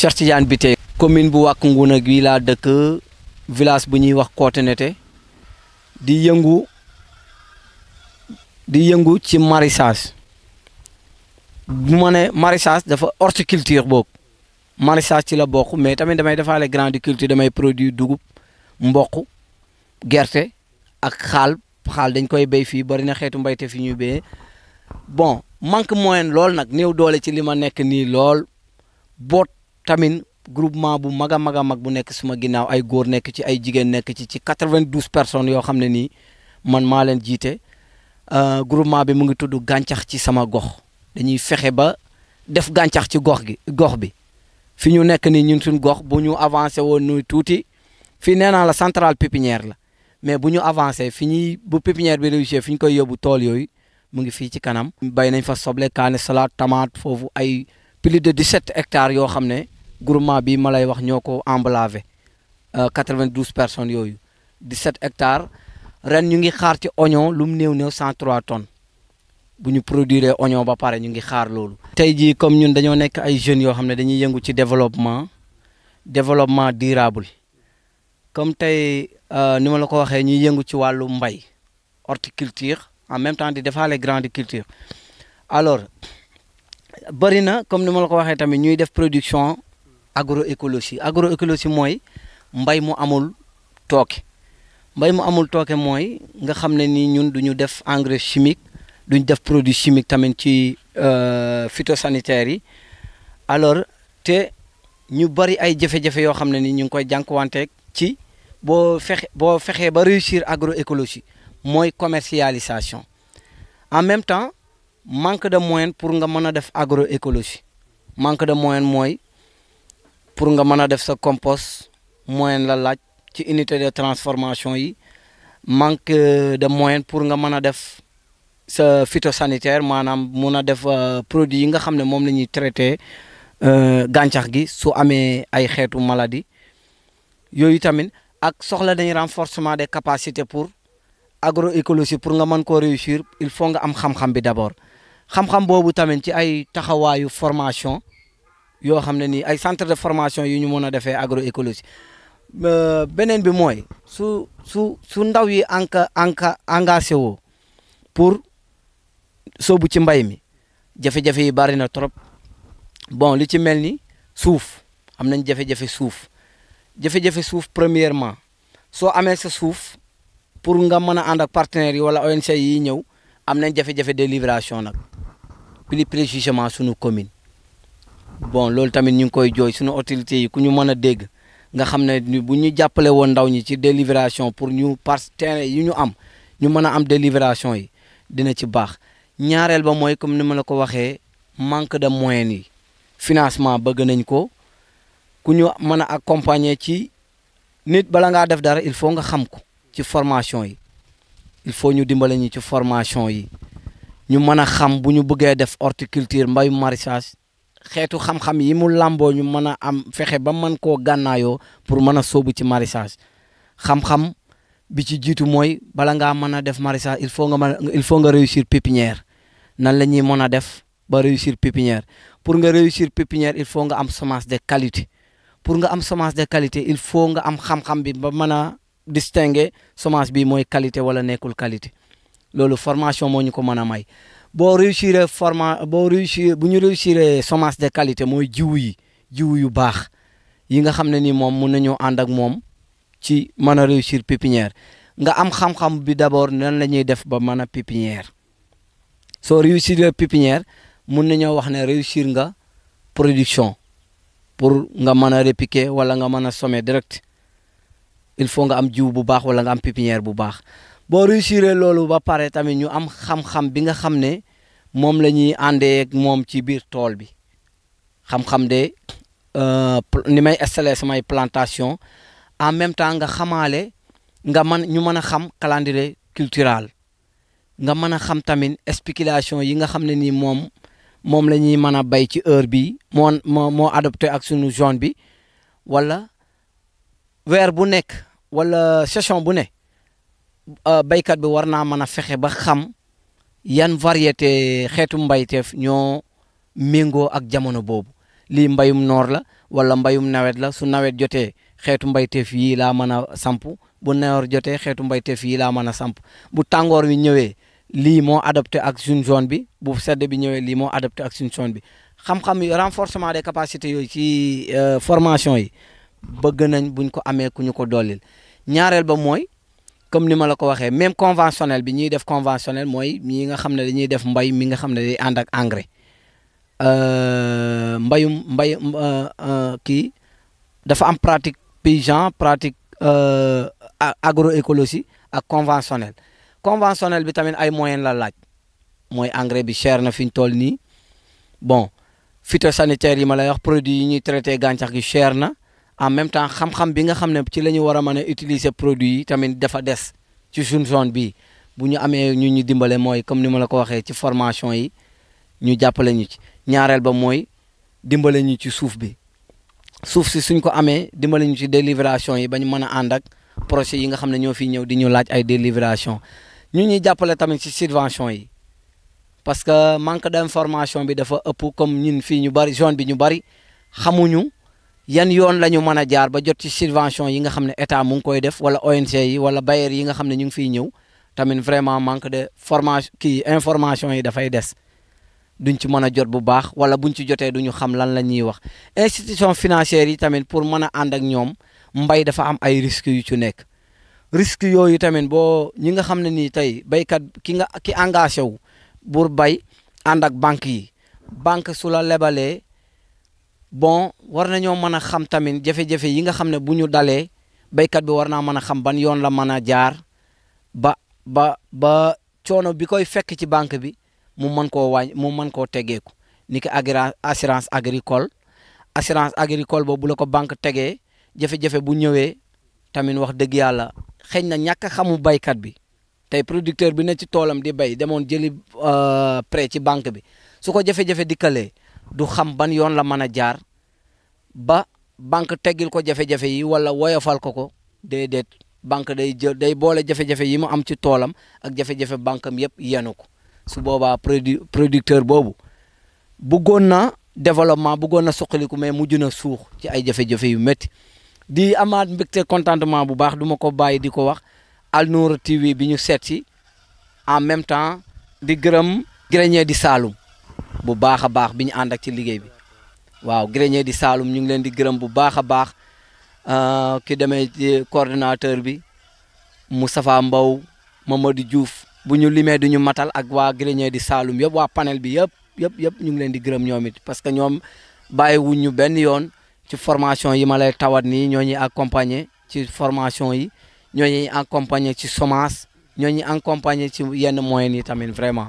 Cheikh bi te commune bu wàkk Ngouna gi laa dëkk village bu ñuy wax Kootenete di yëngu di yëngu ci maraîchage bu ma ne maraîchage dafa horticulture boog maraîchage ci la bokk mais tamit damay defaale grandiculture damay produit dugub mboq gerte ak xaal xaal dañ koy béy fii bari na xeetu mbéyte fi ñuy béyee bon manque moyen lool nag néew doole ci li ma nekk nii lool boot tamit groupement bu mag a mag a mag bu nekk suma ginnaaw ay góor nekk ci ay jigéen nekk ci ci 92 personnes yoo xam ne nii man maa leen jiite euh, groupement bi mu ngi tudd gàncax ci sama gox dañuy fexe ba def gàncax ci gox gi gox bi fi ñu nekk nii ñun suñ gox bu ñu avancé woon nuy tuuti fii nee naa la centrale pépinière la mais bu ñu avancer fi ñuy bu pépinière bi réussir fi ñu koy yóbbu tool yooyu mu ngi fii ci kanam. bay nañ fa soble kaane salade tomate foofu ay plus de 17 hectares yoo xam ne. groupement bi ma lay wax ñoo ko emblavé 92 euh, personnes yooyu 17 hectares ren ñu ngi xaar ci oignon lu mu néew néew 103 tonnes bu ñu produire oignon ba pare ñu ngi xaar loolu. tey jii comme ñun dañoo nekk ay jeunes yoo xam ne dañuy yëngu ci développement développement durable comme tey euh, ni ma la ko waxee ñuy yëngu ci wàllu mbay horticulture en même temps di defaale grande culture alors bëri na comme ni ma tamit ñuy def production. agro agroécologie agroécologie mooy mbay mu amul tooke mbay mu amul tooke mooy nga xam ne ni ñun du ñu def engrais chimique duñ def produit chimique tamit ci euh, phytosanitaire yi alors te ñu bari ay jafe-jafe yoo xam ne ni ñu ngi koy jànkuwanteeg ci boo fexe boo fexee ba réussir agroécologie mooy commercialisation en même temps manque de moyen pour nga mën a def agroécologie manque de moyen mooy pour nga mën a def sa compost moyen la laaj ci unité de transformation yi manque de moyen pour nga mën a def sa phytosanitaire maanaam mun a def euh, produit yi nga xam ne moom la ñuy traité euh, gàncax gi su amee ay xeetu maladie yooyu tamit ak soxla dañuy renforcement des capacités pour agro agroécologie pour nga mën koo réussir il faut nga am xam-xam bi d'abord xam-xam boobu tamit ci ay taxawaayu formation yoo xam ne nii ay centre de formation yu ñu mën a defee agroécologie euh, beneen bi mooy su su su ndaw yi anka anka engagé woo pour soobu ci mbay mi jafe-jafe yi bari na trop bon li ci mel ni suuf am nañ jafe-jafe suuf jafe-jafe suuf premièrement soo amee sa suuf pour nga mën a ànd ak partenaires yi wala ONG yi ñëw am nañ jafe-jafe délibération nag plus précisément sunu commune bon loolu tamit ñu ngi koy jooy suñu autorités yi ku ñu mën a dégg nga xam ne bu ñu jàppalee woon ndaw ñi ci délibération pour ñu par terrain yi ñu am ñu mën a am délibération yi dina ci baax ñaareel ba mooy comme ni ma la ko waxee manque de moyen yi financement bëgg nañ ko ku ñu mën a accompagner ci nit bala ngaa def dara il faut nga xam ko ci formation yi il faut ñu dimbale ñu ci formation yi ñu mën a xam bu ñu buggee def horticulture mbayu maraîchage xeetu xam-xam yi mu làmboo ñu mën a am fexe ba mën koo gànnaayoo pour mën a sóobu ci maraîchage xam-xam bi ci jiitu mooy bala ngaa mën a def maraîchage il faut nga mën il faut nga réussir pépinière nan la ñuy mën a def ba réussir pépinière pour nga réussir pépinière il faut nga am semence de qualité pour nga am semence de qualité il faut nga am xam-xam bi ba mën a distinguer semence bi mooy qualité wala nekkul qualité loolu formation moo ñu ko mën a may boo réussir forma boo réussir bu ñu réussir semence de qualité mooy jiw yi jiw yu baax yi nga xam ne ni moom mun nañoo ànd ak moom ci mën a réussir pépinière nga am xam-xam bi d'abord nan la ñuy def ba mën a pépinière soo réussir pépinière mun nañoo wax ne réussir nga production pour nga mën a répliquer wala nga mën a semer direct il faut nga am jiw bu baax wala nga am pépinière bu baax boo réussir loolu ba pare tamit ñu am xam-xam bi nga xam ne moom la ñuy àndee moom ci biir tool bi xam-xam de euh, ni may installé samay plantation en même temps nga xamaale nga mën ñu mën a xam calendrier cultural nga mën a xam tamit spéculation yi nga xam ne nii moom moom la ñuy mën a bay ci heure bi moo moo adopté ak sunu zone bi wala weer bu nekk wala saison bu nekk. Euh, baykat bi war naa mën a fexe ba xam yan variété xeetu mbayteef ñoo méngoo ak jamono boobu lii mbayum noor la wala mbayum nawet la su nawet jotee xeetu mbayteef yii laa mën a samp bu noor jotee xeetu mbayteef yii laa mën a samp bu tàngoor wi ñëwee lii moo adapté ak suñ zone bi bu sedd bi ñëwee lii moo adapté ak suñ zone bi xam-xam yi renforcement des capacité yooyu ci euh, formation yi bëgg nañ buñ ko amee ku ñu ko dollil ñaareel ba mooy comme ni ma la ko waxee même conventionnel bi ñuy def conventionnel mooy ñi nga xam ne dañuy def mbay mi nga xam ne day ànd ak engrais euh, mbayum mbay euh, euh, kii dafa am pratique paysan pratique agro écologie ak conventionnel conventionnel bi tamit ay moyen la laaj mooy engrais bi cher na fi ñu toll nii bon phytosanitaire yi ma lay wax produit yi ñuy traité gàncax gi cher na en même temps xam-xam bi nga xam ne ci la ñu war a mën a utiliser produit yi tamit dafa des ci suñu zone bii bu ñu amee ñu ñu dimbale mooy comme ni ma la ko waxee ci formation yi ñu jàppale ci ñaareel ba mooy dimbale ci suuf bi suuf si suñ ko amee dimbale ñu ci délibération yi ba ñu mën a ànd ak projet yi nga xam ne ñoo fi ñëw di ñu laaj ay délibération ñu ñuy jàppale tamit ci subvention yi parce que manque formation bi dafa ëpp comme ñun fii ñu bari zone bi ñu bari xamuñu. yan yoon la ñu mën a jaar ba jot ci subvention yi nga xam ne état mu ngi koy def wala ONG yi wala bailleurs yi nga xam ne ñu ngi fiy ñëw tamit vraiment manque de formation kii information yi dafay des duñ ci mën a jot bu baax wala buñ ci jotee duñu xam lan la ñuy wax institution financière yi tamit pour mën a ànd ak ñoom mbay dafa am ay risques yu ci nekk risques yooyu tamit boo ñi nga xam ne nii tey béykat ki nga ki engagé wu bur bay ànd ak banque yi banque su la lebalee bon war nañoo mën a xam tamit jafe-jafe yi nga xam ne bu ñu dalee béykat bi war naa mën a xam ban yoon la mën a jaar ba ba ba coono bi koy fekk ci banque bi mu mën koo wàññi mu mën koo tegeeku ni ki agri assurance agricole assurance agricole boobu la ko banque tegee jafe-jafe bu ñëwee tamit wax dëgg yàlla xëy na ñàkk xamu baykat bi tey producteur bi ne ci toolam di bay demoon jëli euh, prêt ci banque bi su ko jafe-jafe dikkalee du xam ban yoon la mën a jaar ba banque teggil ko jafe-jafe yi wala woyofal ko ko déedéet banque day jël day boole jafe-jafe yi mu am ci toolam ak jafe-jafe banque am yëpp yenu ko su boobaa produ producteur boobu buggoon na développement buggoon na suqaliku mais mujju na suux ci ay jafe-jafe yu métti di amaat mbégte contentement bu baax du ma ko bàyyi di ko wax Alnour TV bi ñu seet si en même temps di gërëm grenier di Saloum bu baax a baax bi ñu ànd ak ci liggéey bi waaw grenier di Saloum ñu ngi leen di gërëm bu baax a baax euh, ki demee ci coordinateur bi Moustapha Mbow di juuf bu ñu limee du ñu matal ak waa grenier di Saloum yëpp wa panel bi yëpp yëpp yëpp ñu ngi leen di gërëm ñoom it parce que ñoom bàyyi wuñ ñu benn yoon ci formation yi mala lay tawat nii ñoo ñuy accompagner ci formation yi ñoo ñuy accompagner ci semence ñoo ñuy accompagner ci yenn moyens yi tamit vraiment